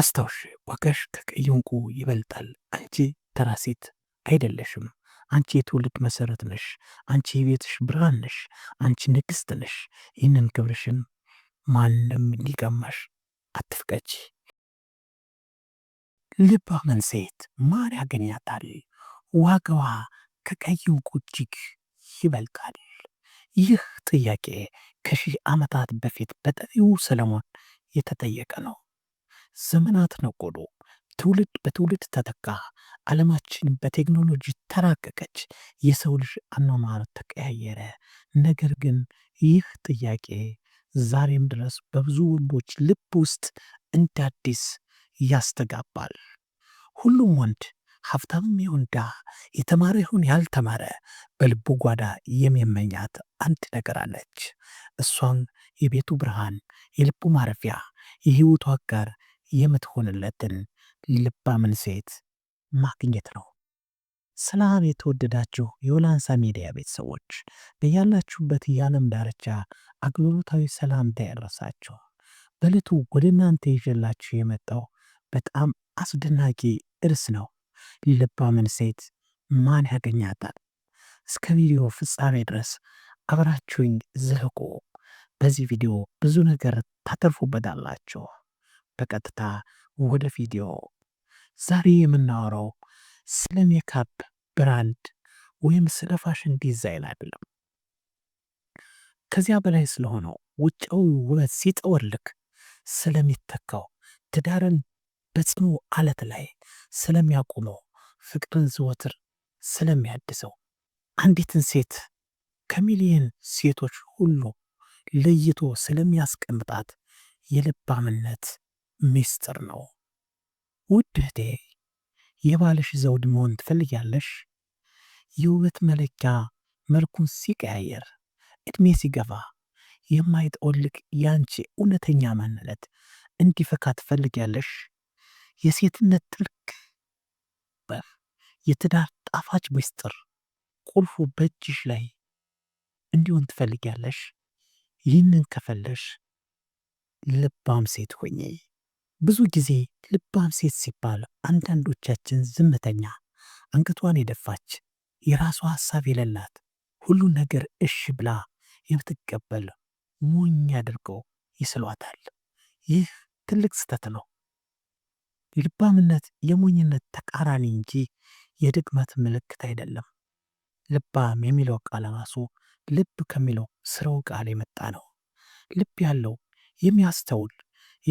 አስታውሽ፣ ዋጋሽ ከቀይ እንቁ ይበልጣል። አንቺ ተራ ሴት አይደለሽም። አንቺ የትውልድ መሰረት ነሽ። አንቺ የቤትሽ ብርሃን ነሽ። አንቺ ንግሥት ነሽ። ይህንን ክብርሽን ማንም ሊቀማሽ አትፍቀች። ልባምን ሴት ማን ያገኛታል? ዋጋዋ ከቀይ እንቁ እጅግ ይበልጣል። ይህ ጥያቄ ከሺህ ዓመታት በፊት በጠቢው ሰለሞን የተጠየቀ ነው። ዘመናት ነጎዶ ትውልድ በትውልድ ተተካ። ዓለማችን በቴክኖሎጂ ተራቀቀች። የሰው ልጅ አኗኗር ተቀያየረ። ነገር ግን ይህ ጥያቄ ዛሬም ድረስ በብዙ ወንዶች ልብ ውስጥ እንደ አዲስ ያስተጋባል። ሁሉም ወንድ ሀብታምም ይሁን ድሃ፣ የተማረ ይሁን ያልተማረ በልቡ ጓዳ የሚመኛት አንድ ነገር አለች። እሷም የቤቱ ብርሃን፣ የልቡ ማረፊያ፣ የህይወቱ አጋር የምትሆንለትን ልባምን ሴት ማግኘት ነው። ሰላም የተወደዳችሁ የወላንሳ ሚዲያ ቤተሰቦች በያላችሁበት የዓለም ዳርቻ አገልግሎታዊ ሰላምታ ያደረሳችሁ። በዕለቱ ወደ እናንተ ይዤላችሁ የመጣው በጣም አስደናቂ እርስ ነው። ልባምን ሴት ማን ያገኛታል? እስከ ቪዲዮ ፍጻሜ ድረስ አብራችሁኝ ዝለቁ። በዚህ ቪዲዮ ብዙ ነገር ታተርፉበታላችሁ። በቀጥታ ወደ ቪዲዮ ዛሬ የምናወራው ስለ ሜካፕ ብራንድ ወይም ስለ ፋሽን ዲዛይን አይደለም። ከዚያ በላይ ስለሆነው ውጫዊ ውበት ሲጠወልክ ስለሚተካው ትዳርን በጽኑ አለት ላይ ስለሚያቆመው ፍቅርን ዘወትር ስለሚያድሰው አንዲትን ሴት ከሚሊየን ሴቶች ሁሉ ለይቶ ስለሚያስቀምጣት የልባምነት ምስጢር ነው። ውድ እህቴ የባልሽ ዘውድ መሆን ትፈልጊያለሽ? የውበት መለኪያ መልኩን ሲቀያየር፣ እድሜ ሲገፋ የማይጠወልቅ ያንቺ እውነተኛ ማንነት እንዲፈካ ትፈልጊያለሽ? የሴትነት ትልቅ በር፣ የትዳር ጣፋጭ ምስጢር ቁልፉ በእጅሽ ላይ እንዲሆን ትፈልጊያለሽ? ይህንን ከፈለሽ ልባም ሴት ሆኜ ብዙ ጊዜ ልባም ሴት ሲባል አንዳንዶቻችን ዝምተኛ፣ አንገቷን የደፋች፣ የራሷ ሀሳብ የሌላት፣ ሁሉን ነገር እሽ ብላ የምትቀበል ሞኝ አድርገው ይስሏታል። ይህ ትልቅ ስህተት ነው። ልባምነት የሞኝነት ተቃራኒ እንጂ የድክመት ምልክት አይደለም። ልባም የሚለው ቃል ራሱ ልብ ከሚለው ስረው ቃል የመጣ ነው። ልብ ያለው የሚያስተውል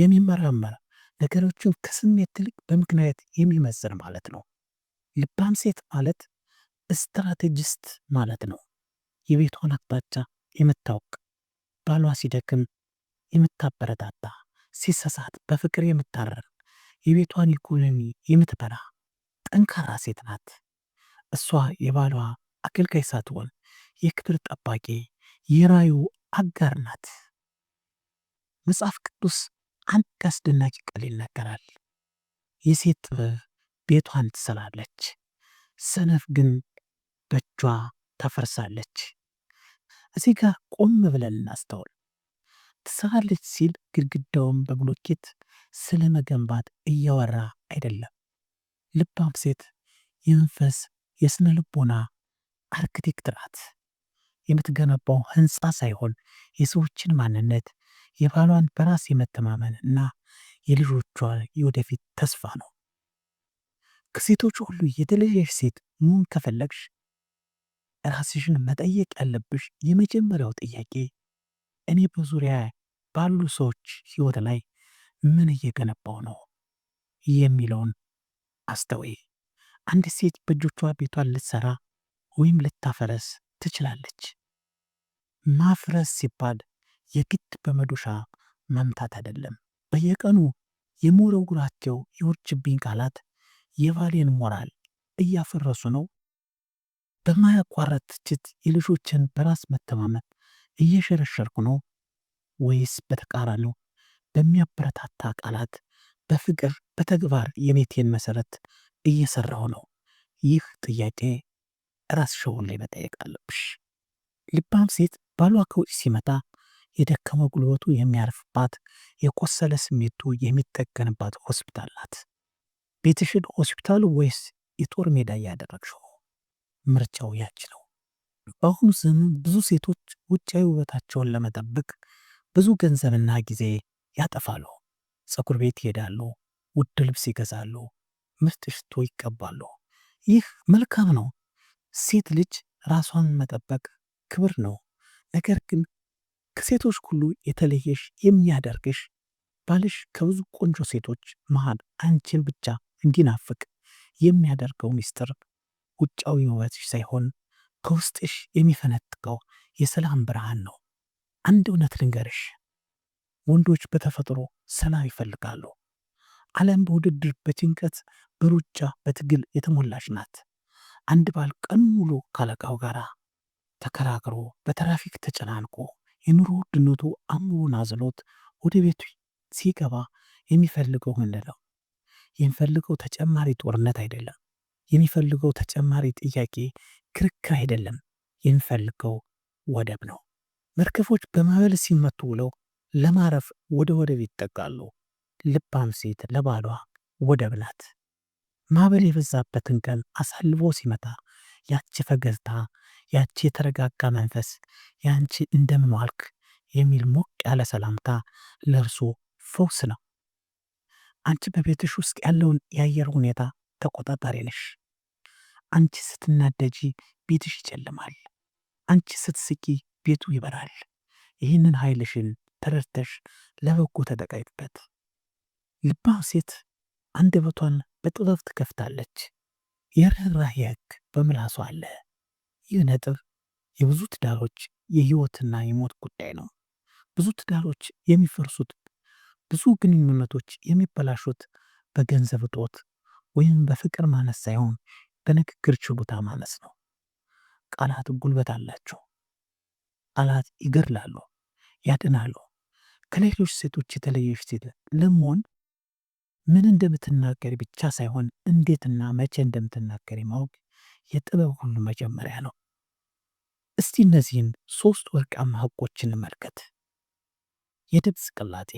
የሚመረመር ነገሮችን ከስሜት ትልቅ በምክንያት የሚመዝር ማለት ነው። ልባም ሴት ማለት ስትራቴጂስት ማለት ነው። የቤቷን አቅጣጫ የምታውቅ፣ ባሏ ሲደክም የምታበረታታ፣ ሲሰሳት በፍቅር የምታረር፣ የቤቷን ኢኮኖሚ የምትበላ ጠንካራ ሴት ናት። እሷ የባሏ አገልጋይ ሳትሆን የክብር ጠባቂ፣ የራዩ አጋር ናት። መጽሐፍ ቅዱስ አንድ አስደናቂ ቃል ይነገራል የሴት ጥበብ ቤቷን ትሰራለች፣ ሰነፍ ግን በእጇ ታፈርሳለች። እዚህ ጋር ቆም ብለን እናስተውል። ትሰራለች ሲል ግድግዳውን በብሎኬት ስለ መገንባት እያወራ አይደለም። ልባም ሴት የመንፈስ የስነ ልቦና አርክቴክት ናት። የምትገነባው ህንፃ ሳይሆን የሰዎችን ማንነት የባሏን በራስ የመተማመን እና የልጆቿ የወደፊት ተስፋ ነው። ከሴቶች ሁሉ የተለየሽ ሴት መሆን ከፈለግሽ ራስሽን መጠየቅ ያለብሽ የመጀመሪያው ጥያቄ እኔ በዙሪያ ባሉ ሰዎች ሕይወት ላይ ምን እየገነባው ነው የሚለውን አስተውይ። አንዲት ሴት በእጆቿ ቤቷን ልትሰራ ወይም ልታፈረስ ትችላለች። ማፍረስ ሲባል የግድ በመዶሻ መምታት አይደለም። በየቀኑ የሚወረውሯቸው የውርጅብኝ ቃላት የቫሌን ሞራል እያፈረሱ ነው። በማያቋረጥ ትችት የልጆችን በራስ መተማመን እየሸረሸርኩ ነው ወይስ በተቃራኒው በሚያበረታታ ቃላት በፍቅር በተግባር የቤቴን መሰረት እየሰራሁ ነው? ይህ ጥያቄ ሸውን ላይ መጠየቅ አለብሽ። ልባም ሴት ባሏ ከውጭ ሲመጣ የደከመ ጉልበቱ የሚያርፍባት፣ የቆሰለ ስሜቱ የሚጠገንባት ሆስፒታል ናት። ቤትሽን ሆስፒታሉ ወይስ የጦር ሜዳ እያደረግሽው? ምርጫው ያች ነው። በአሁኑ ዘመን ብዙ ሴቶች ውጫዊ ውበታቸውን ለመጠበቅ ብዙ ገንዘብና ጊዜ ያጠፋሉ። ፀጉር ቤት ይሄዳሉ፣ ውድ ልብስ ይገዛሉ፣ ምርጥ ሽቶ ይቀባሉ። ይህ መልካም ነው። ሴት ልጅ ራሷን መጠበቅ ክብር ነው። ነገር ግን ከሴቶች ሁሉ የተለየሽ የሚያደርግሽ ባልሽ ከብዙ ቆንጆ ሴቶች መሃል አንቺን ብቻ እንዲናፍቅ የሚያደርገው ሚስጥር ውጫዊ ውበትሽ ሳይሆን ከውስጥሽ የሚፈነጥቀው የሰላም ብርሃን ነው። አንድ እውነት ልንገርሽ፣ ወንዶች በተፈጥሮ ሰላም ይፈልጋሉ። ዓለም በውድድር፣ በጭንቀት፣ በሩጫ፣ በትግል የተሞላች ናት። አንድ ባል ቀን ሙሉ ካለቃው ጋር ተከራክሮ፣ በትራፊክ ተጨናንቆ የኑሮ ውድነቱ አእምሮን አዝሎት ወደ ቤቱ ሲገባ የሚፈልገው ምንድነው። የሚፈልገው ተጨማሪ ጦርነት አይደለም። የሚፈልገው ተጨማሪ ጥያቄ፣ ክርክር አይደለም። የሚፈልገው ወደብ ነው። መርከፎች በማዕበል ሲመቱ ውለው ለማረፍ ወደ ወደብ ይጠጋሉ። ልባም ሴት ለባሏ ወደብ ናት። ማዕበል የበዛበትን ቀን አሳልፎ ሲመታ ያቺ ፈገግታ ያቺ የተረጋጋ መንፈስ ያንቺ እንደምን ዋልክ የሚል ሞቅ ያለ ሰላምታ ለእርሶ ፈውስ ነው። አንቺ በቤትሽ ውስጥ ያለውን የአየር ሁኔታ ተቆጣጣሪ ነሽ። አንቺ ስትናደጂ ቤትሽ ይጨልማል። አንቺ ስትስቂ ቤቱ ይበራል። ይህንን ኃይልሽን ተረድተሽ ለበጎ ተጠቃይበት። ልባም ሴት አንደበቷን በጥበብ ትከፍታለች። የርኅራኄ ሕግ በምላሷ አለ። ይህ ነጥብ የብዙ ትዳሮች የህይወትና የሞት ጉዳይ ነው። ብዙ ትዳሮች የሚፈርሱት፣ ብዙ ግንኙነቶች የሚበላሹት በገንዘብ እጦት ወይም በፍቅር ማነስ ሳይሆን በንግግር ችሎታ ማነስ ነው። ቃላት ጉልበት አላቸው። ቃላት ይገድላሉ፣ ያድናሉ። ከሌሎች ሴቶች የተለየ ሴት ለመሆን ምን እንደምትናገር ብቻ ሳይሆን እንዴትና መቼ እንደምትናገሪ ማወቅ የጥበብ ሁሉ መጀመሪያ ነው። እስቲ እነዚህን ሦስት ወርቃማ ሕጎች እንመልከት። የድምፅ ቅላጤ፣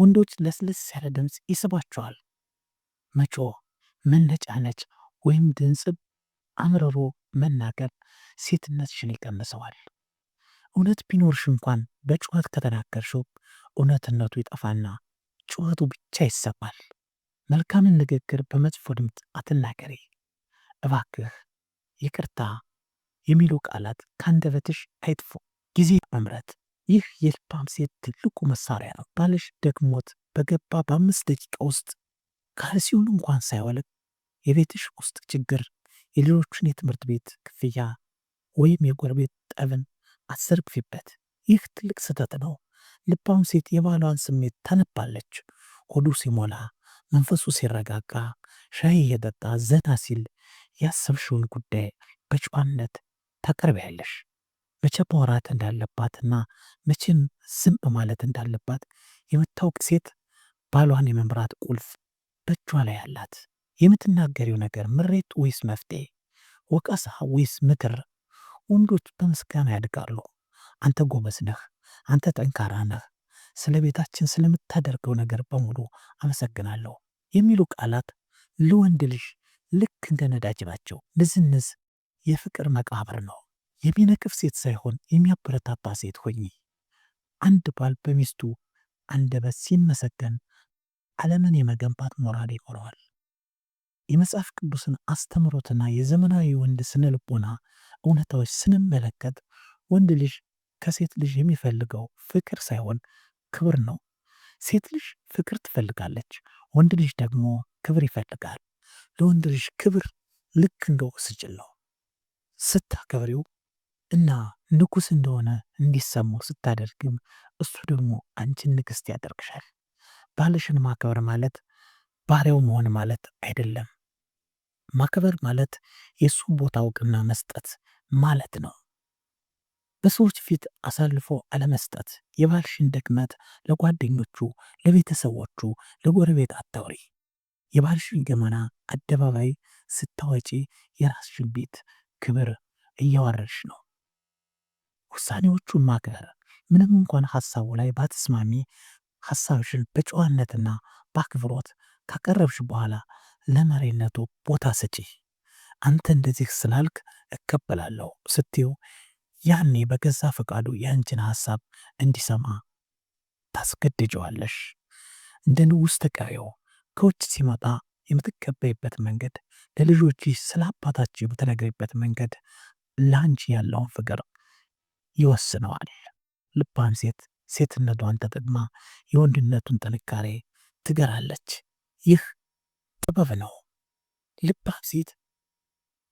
ወንዶች ለስለስ ያለ ድምፅ ይስባቸዋል። መጮ፣ መነጫነጭ ወይም ድንጽብ አምርሮ መናገር ሴትነትሽን ይቀንሰዋል። እውነት ቢኖርሽ እንኳን በጩኸት ከተናገርሽው እውነትነቱ ይጠፋና ጩኸቱ ብቻ ይሰማል። መልካምን ንግግር በመጥፎ ድምፅ አትናገሪ። እባክህ፣ ይቅርታ የሚሉ ቃላት ከአንደበትሽ አይጥፉ። ጊዜ መምረት፣ ይህ የልባም ሴት ትልቁ መሳሪያ ነው። ባለሽ ደግሞት በገባ በአምስት ደቂቃ ውስጥ ካልሲውን እንኳን ሳይወለቅ የቤትሽ ውስጥ ችግር፣ የሌሎችን የትምህርት ቤት ክፍያ ወይም የጎረቤት ጠብን አሰርግፊበት። ይህ ትልቅ ስህተት ነው። ልባም ሴት የባሏን ስሜት ታነባለች። ሆዱ ሲሞላ፣ መንፈሱ ሲረጋጋ፣ ሻይ እየጠጣ ዘና ሲል ያሰብሽውን ጉዳይ በጨዋነት ታቀርቢያለሽ። መቼ ማውራት እንዳለባትና መቼም ዝም ማለት እንዳለባት የምታውቅ ሴት ባሏን የመምራት ቁልፍ በእጇ ላይ አላት። የምትናገሪው ነገር ምሬት ወይስ መፍትሄ? ወቀሳ ወይስ ምክር? ወንዶች በምስጋና ያድጋሉ። አንተ ጎበዝ ነህ፣ አንተ ጠንካራ ነህ፣ ስለ ቤታችን ስለምታደርገው ነገር በሙሉ አመሰግናለሁ የሚሉ ቃላት ለወንድ ልጅ ልክ እንደ ነዳጅ ናቸው። ንዝንዝ የፍቅር መቃብር ነው። የሚነቅፍ ሴት ሳይሆን የሚያበረታታ ሴት ሆኚ። አንድ ባል በሚስቱ አንደበት ሲመሰገን ዓለምን የመገንባት ሞራል ይኖረዋል። የመጽሐፍ ቅዱስን አስተምሮትና የዘመናዊ ወንድ ስነ ልቦና እውነታዎች ስንመለከት ወንድ ልጅ ከሴት ልጅ የሚፈልገው ፍቅር ሳይሆን ክብር ነው። ሴት ልጅ ፍቅር ትፈልጋለች፣ ወንድ ልጅ ደግሞ ክብር ይፈልጋል። ለወንድ ልጅ ክብር ልክ እንደ ወስጅል ነው። ስታከብሪው እና ንጉስ እንደሆነ እንዲሰማው ስታደርግም እሱ ደግሞ አንቺን ንግስት ያደርግሻል። ባልሽን ማክበር ማለት ባሪያው መሆን ማለት አይደለም። ማክበር ማለት የእሱ ቦታ እውቅና መስጠት ማለት ነው። በሰዎች ፊት አሳልፎ አለመስጠት። የባልሽን ድክመት ለጓደኞቹ፣ ለቤተሰቦቹ፣ ለጎረቤት አታውሪ። የባልሽን ገመና አደባባይ ስታወጪ የራስሽን ቤት ክብር እያዋረድሽ ነው። ውሳኔዎቹ ማክበር፣ ምንም እንኳን ሀሳቡ ላይ ባትስማሚ፣ ሐሳብሽን በጨዋነትና በአክብሮት ካቀረብሽ በኋላ ለመሪነቱ ቦታ ስጪ። አንተ እንደዚህ ስላልክ እቀበላለሁ ስትው ያኔ በገዛ ፈቃዱ የአንቺን ሀሳብ እንዲሰማ ታስገድጀዋለሽ። እንደ ንጉሥ ተቀሪው ከውጭ ሲመጣ የምትከበይበት መንገድ፣ ለልጆች ስለ አባታች የምትነግርበት መንገድ ለአንቺ ያለውን ፍቅር ይወስነዋል። ልባም ሴት ሴትነቷን ተጠቅማ የወንድነቱን ጥንካሬ ትገራለች። ይህ ጥበብ ነው። ልባም ሴት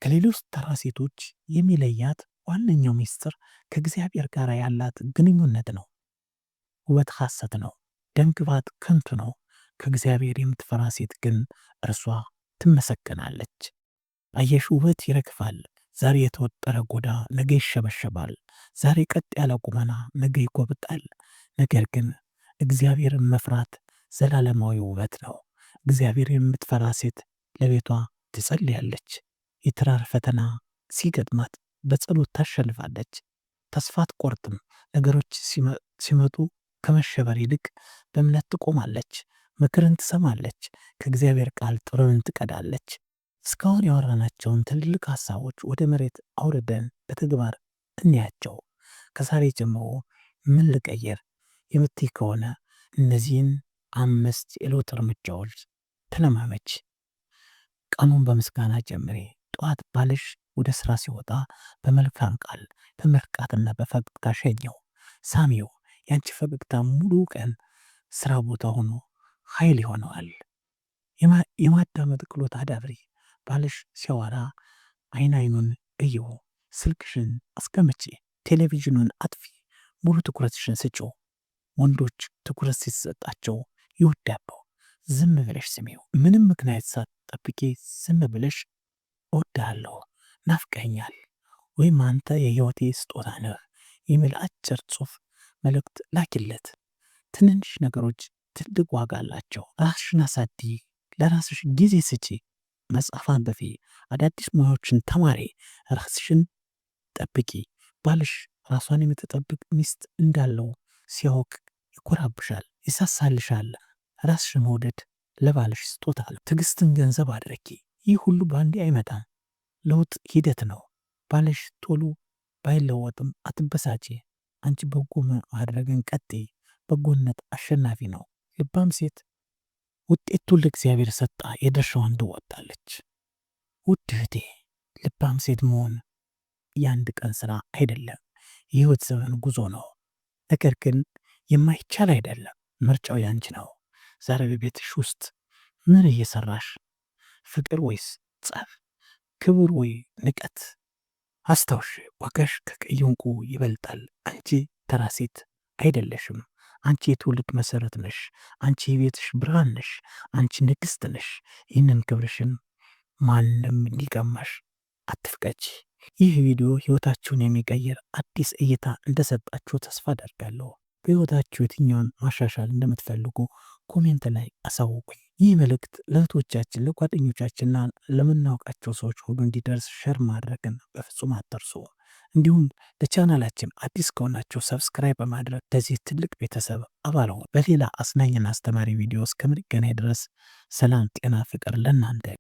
ከሌሎች ተራ ሴቶች የሚለያት ዋነኛው ሚስጥር ከእግዚአብሔር ጋር ያላት ግንኙነት ነው። ውበት ሐሰት ነው። ግባት ከንቱ ነው። ከእግዚአብሔር የምትፈራ ሴት ግን እርሷ ትመሰገናለች። አየሽ፣ ውበት ይረግፋል። ዛሬ የተወጠረ ጎዳ ነገ ይሸበሸባል። ዛሬ ቀጥ ያለ ቁመና ነገ ይጎብጣል። ነገር ግን እግዚአብሔርን መፍራት ዘላለማዊ ውበት ነው። እግዚአብሔር የምትፈራ ሴት ለቤቷ ትጸልያለች። የትዳር ፈተና ሲገጥማት በጸሎት ታሸንፋለች። ተስፋ አትቆርጥም። ነገሮች ሲመጡ ከመሸበር ይልቅ በእምነት ትቆማለች። ምክርን ትሰማለች፣ ከእግዚአብሔር ቃል ጥሩን ትቀዳለች። እስካሁን ያወራናቸውን ትልልቅ ሀሳቦች ወደ መሬት አውርደን በተግባር እንያቸው። ከዛሬ ጀምሮ ምን ልቀየር የምትይ ከሆነ እነዚህን አምስት የለውጥ እርምጃዎች ተለማመች። ቀኑን በምስጋና ጀምሬ ጠዋት ባልሽ ወደ ስራ ሲወጣ በመልካም ቃል በምርቃትና በፈገግታ ሸኘው። ሳሚው ያንቺ ፈገግታ ሙሉ ቀን ስራ ቦታ ሆኖ ኃይል ይሆነዋል። የማዳመጥ ክሎት አዳብሪ። ባልሽ ሲያወራ አይን አይኑን እየው። ስልክሽን አስቀምጪ። ቴሌቪዥኑን አጥፊ። ሙሉ ትኩረትሽን ስጪው። ወንዶች ትኩረት ሲሰጣቸው ይወዳሉ። ዝም ብለሽ ስሜው ምንም ምክንያት ሳትጠብቂ ዝም ብለሽ እወድሃለሁ፣ ናፍቀኛል፣ ወይም አንተ የህይወቴ ስጦታ ነህ የሚል አጭር ጽሑፍ መልእክት ላኪለት። ትንንሽ ነገሮች ትልቅ ዋጋ አላቸው። ራስሽን አሳዲ፣ ለራስሽ ጊዜ ስጪ፣ መጽሐፍ በፊ አዳዲስ ሙያዎችን ተማሪ፣ ራስሽን ጠብቂ። ባልሽ ራሷን የምትጠብቅ ሚስት እንዳለው ሲያውቅ ይኮራብሻል፣ ይሳሳልሻል። ራስሽ መውደድ ለባልሽ ስጦታ ትግስትን ትዕግስትን ገንዘብ አድርጊ። ይህ ሁሉ በአንድ አይመጣም። ለውጥ ሂደት ነው። ባልሽ ቶሎ ባይለወጥም አትበሳጪ። አንቺ በጎ ማድረግን ቀጤ። በጎነት አሸናፊ ነው። ልባም ሴት ውጤቱን ለእግዚአብሔር ሰጣ፣ የድርሻዋን ትወጣለች። ውድ እህቴ ልባም ሴት መሆን የአንድ ቀን ስራ አይደለም፣ የህይወት ዘመን ጉዞ ነው። ነገር ግን የማይቻል አይደለም። ምርጫው ያንች ነው። ዛሬ በቤትሽ ውስጥ ምን እየሰራሽ? ፍቅር ወይስ ጸብ? ክብር ወይ ንቀት? አስታውሽ ዋጋሽ ከቀይ እንቁ ይበልጣል። አንቺ ተራ ሴት አይደለሽም። አንቺ የትውልድ መሰረት ነሽ። አንቺ የቤትሽ ብርሃን ነሽ። አንቺ ንግስት ነሽ። ይህንን ክብርሽን ማንም እንዲቀማሽ አትፍቀች ይህ ቪዲዮ ህይወታችሁን የሚቀይር አዲስ እይታ እንደሰጣችሁ ተስፋ አደርጋለሁ። በህይወታችሁ የትኛውን ማሻሻል እንደምትፈልጉ ኮሜንት ላይ አሳውቁኝ። ይህ መልእክት ለእህቶቻችን፣ ለጓደኞቻችንና ለምናውቃቸው ሰዎች ሁሉ እንዲደርስ ሸር ማድረግን በፍጹም አትርሱ። እንዲሁም ለቻናላችን አዲስ ከሆናችሁ ሰብስክራይብ በማድረግ ለዚህ ትልቅ ቤተሰብ አባል ሆኑ። በሌላ አስናኝና አስተማሪ ቪዲዮ እስከምንገናኝ ድረስ ሰላም፣ ጤና፣ ፍቅር ለእናንተ።